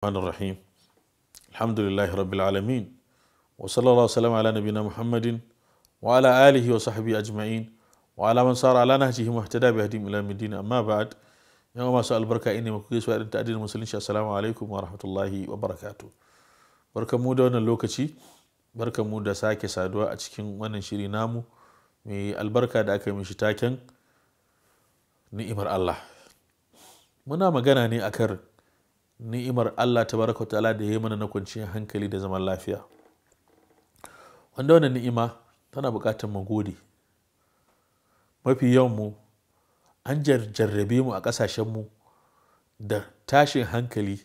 الرحمن الرحيم الحمد لله رب العالمين وصلى الله وسلم على نبينا محمد وعلى آله وصحبه أجمعين وعلى من صار على نهجهم واهتدى بهديهم إلى الدين أما بعد يوم ما سأل بركة إني مكوكيس وإن تأدين المسلمين السلام عليكم ورحمة الله وبركاته بركة مودة وانا اللوكتي بركة مودة ساكي سادوا أتشكين وانا شيري نامو مي البركة دا أكا مشتاكين نئمر الله muna magana ne akan ni'imar Allah ta baraka ta'ala da ya yi mana na kwanciyar hankali da zaman lafiya wanda wannan ni'ima tana buƙatar mu gode mafi yawan mu an jarrabe mu a ƙasashen mu da tashin hankali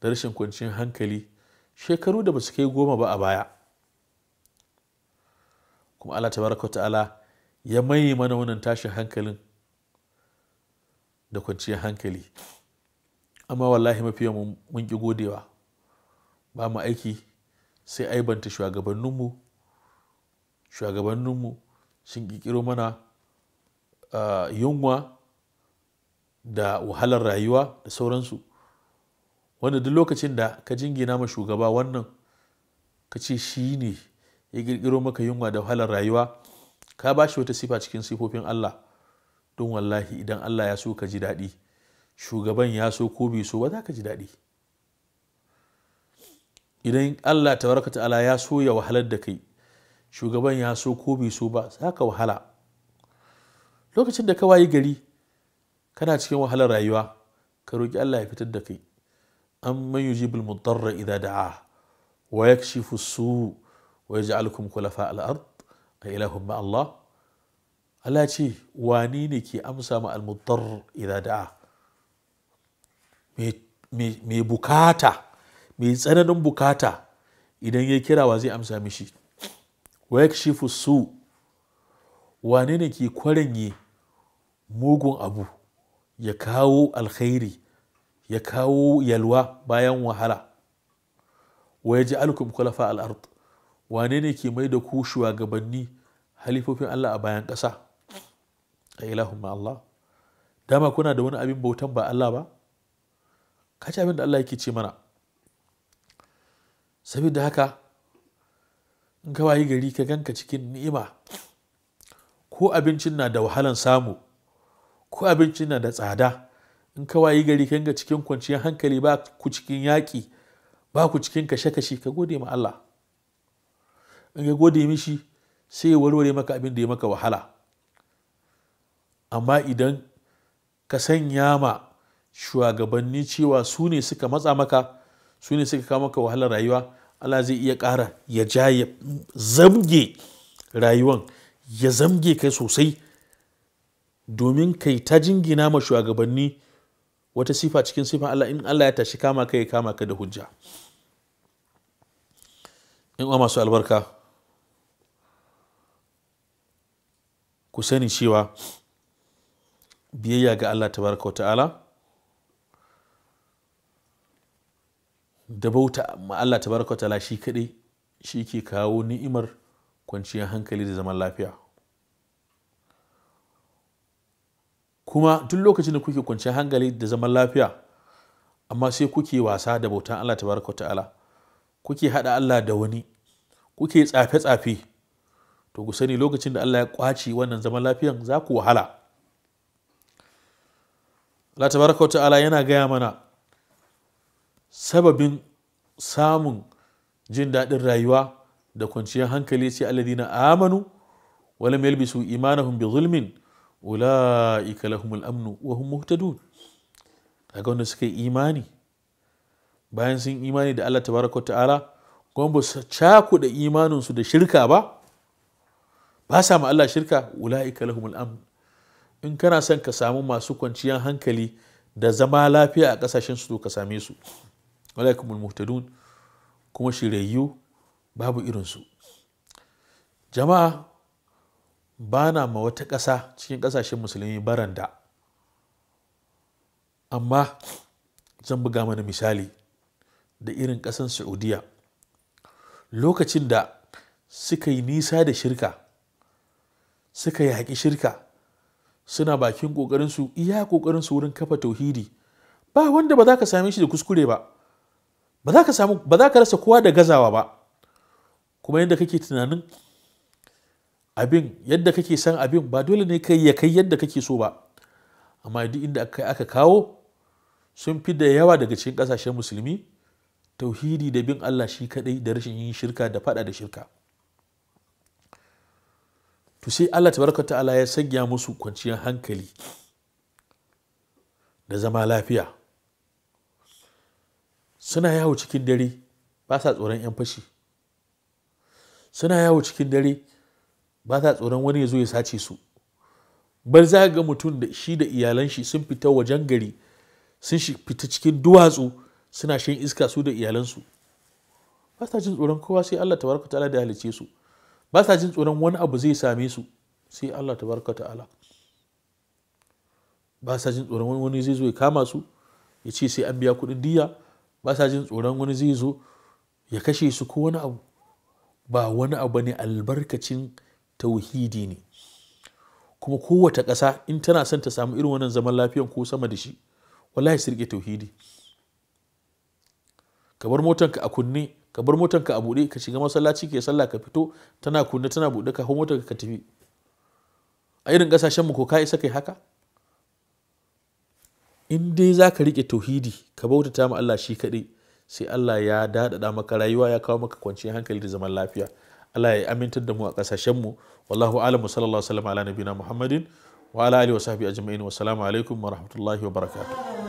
da rashin kwanciyar hankali shekaru da ba su kai goma ba a baya kuma Allah ta baraka ta'ala ya maye mana wannan tashin hankalin da kwanciyar hankali amma wallahi mafi mun ki godewa ba mu aiki sai aibanta shugabanninmu shugabanninmu sun kikiro mana ah, yunwa da wahalar rayuwa da sauransu wanda duk lokacin da ka jingina ma shugaba wannan ka ce shi ne ya ƙirƙiro maka yunwa da wahalar rayuwa ka ba shi wata sifa cikin sifofin Allah don wallahi idan Allah ya so ka ji daɗi shugaban ya so ko bai so ba za ka ji daɗi idan allah tabaraka ta'ala ya so ya wahalar da kai shugaban ya so ko bai so ba za ka wahala lokacin da ka wayi gari kana cikin wahalar rayuwa ka roƙi allah ya fitar da kai an man yujibul mudarra idza da'a wa yakshifu su wa yaj'alukum khulafa al-ard a ilahum ma allah Allah ce wani ne ke amsa ma al-mudarr idza da'a mai bukata mai tsananin bukata idan ya kira wa zai amsa mishi wa yakshifu su wane ne ke yi mugun abu ya kawo alkhairi ya kawo yalwa bayan wahala wa ji alkum kwalafa al'ard wane ne ke mai da ku shugabanni halifofin Allah a bayan ƙasa a ilahun Allah dama kuna da wani abin bautan ba Allah ba ka ci abin da Allah yake ce mana saboda haka in ka wayi gari ka ganka cikin ni'ima ko abincin na da wahalan samu ko abincin na da tsada in ka wayi gari ka ganka cikin kwanciyar hankali ba ku cikin yaƙi ba ku cikin kashe-kashe ka gode ma Allah in ka gode mishi sai ya warware maka abin da ya maka wahala amma idan ka sanya ma shugabanni cewa su ne suka matsa maka su ne suka kawo maka wahalar rayuwa Allah zai iya kara ya ja ya zamge rayuwan ya zamge kai sosai domin kai ta jingina ma shugabanni wata sifa cikin sifa Allah in Allah ya tashi kama ka ya kama ka da hujja in wa masu albarka ku sani cewa biyayya ga Allah tabaraka wa ta'ala da bauta ma Allah tabaraka ta'ala shi kaɗai shi ke kawo ni'imar kwanciyar hankali da zaman lafiya kuma duk lokacin da kuke kwanciyar hankali da zaman lafiya amma sai kuke wasa da bautan Allah tabaraka ta'ala kuke haɗa Allah da wani kuke tsafe-tsafe to ku sani lokacin da Allah ya kwace wannan zaman lafiyan za ku wahala Allah tabaraka ta'ala yana gaya mana sababin samun jin daɗin rayuwa da kwanciyar hankali ce alladina amanu walam yalbisu imanahum bi zulmin ula'ika lahumul amnu wa hum muhtadun kaga wanda suka yi imani bayan sun imani da Allah tabaraka ta'ala kuma ba su cakuɗa imanin su da shirka ba ba sa ma Allah shirka ula'ika lahumul amnu. in kana son ka samu masu kwanciyar hankali da zama lafiya a kasashen su to ka same su walaikumul muhtadun kuma shirayyu babu irinsu jama'a ba na ma wata ƙasa cikin ƙasashen musulmi baranda amma zan buga mana misali da irin ƙasan saudiya lokacin da suka yi nisa da shirka suka yaƙi shirka suna bakin ƙoƙarinsu iya ƙoƙarinsu wurin kafa tauhidi ba wanda ba za ka same shi da kuskure ba ba za ka rasa kowa da gazawa ba kuma yadda kake tunanin abin yadda kake san abin ba dole ne kai ya kai yadda kake so ba amma duk inda aka kawo sun fi da yawa daga cikin ƙasashen musulmi tauhidi da bin Allah shi kaɗai da rashin yin shirka da faɗa da shirka to sai Allah ta'ala ya sanya musu kwanciyar hankali da zama lafiya suna yawo cikin dare ba sa tsoron 'yan fashi suna yawo cikin dare ba sa tsoron wani ya zo ya sace su bar za ga mutum da shi da iyalan shi sun fita wajen gari sun fita cikin duwatsu suna shan iska su da iyalansu ba sa jin tsoron kowa sai Allah tabaraka ta'ala da halice su ba sa jin tsoron wani abu zai same su sai Allah tabaraka ta'ala ba sa jin tsoron wani zai zo ya kama su ya ce sai an biya kuɗin diya ba sa jin tsoron wani zai zo ya kashe su ko wani abu ba wani abu ne albarkacin tauhidi ne kuma kowace ƙasa in tana son ta samu irin wannan zaman lafiyan ko sama da shi wallahi su rike tauhidi ka bar motanka a kunne ka bar motanka a buɗe ka shiga masallaci ke sallah ka fito tana kunne tana buɗe ka hau motanka ka tafi a irin ƙasashen mu ko ka isa kai haka in dai za ka riƙe tauhidi ka bautata ma Allah shi kaɗai sai Allah ya daɗaɗa maka rayuwa ya kawo maka kwanciyar hankali da zaman lafiya Allah ya amintar da mu a ƙasashen mu wallahu alamu sallallahu alaihi wa sallam ala nabina muhammadin wa ala alihi wa sahbihi ajma'in wa salamu alaikum wa rahmatullahi wa barakatuh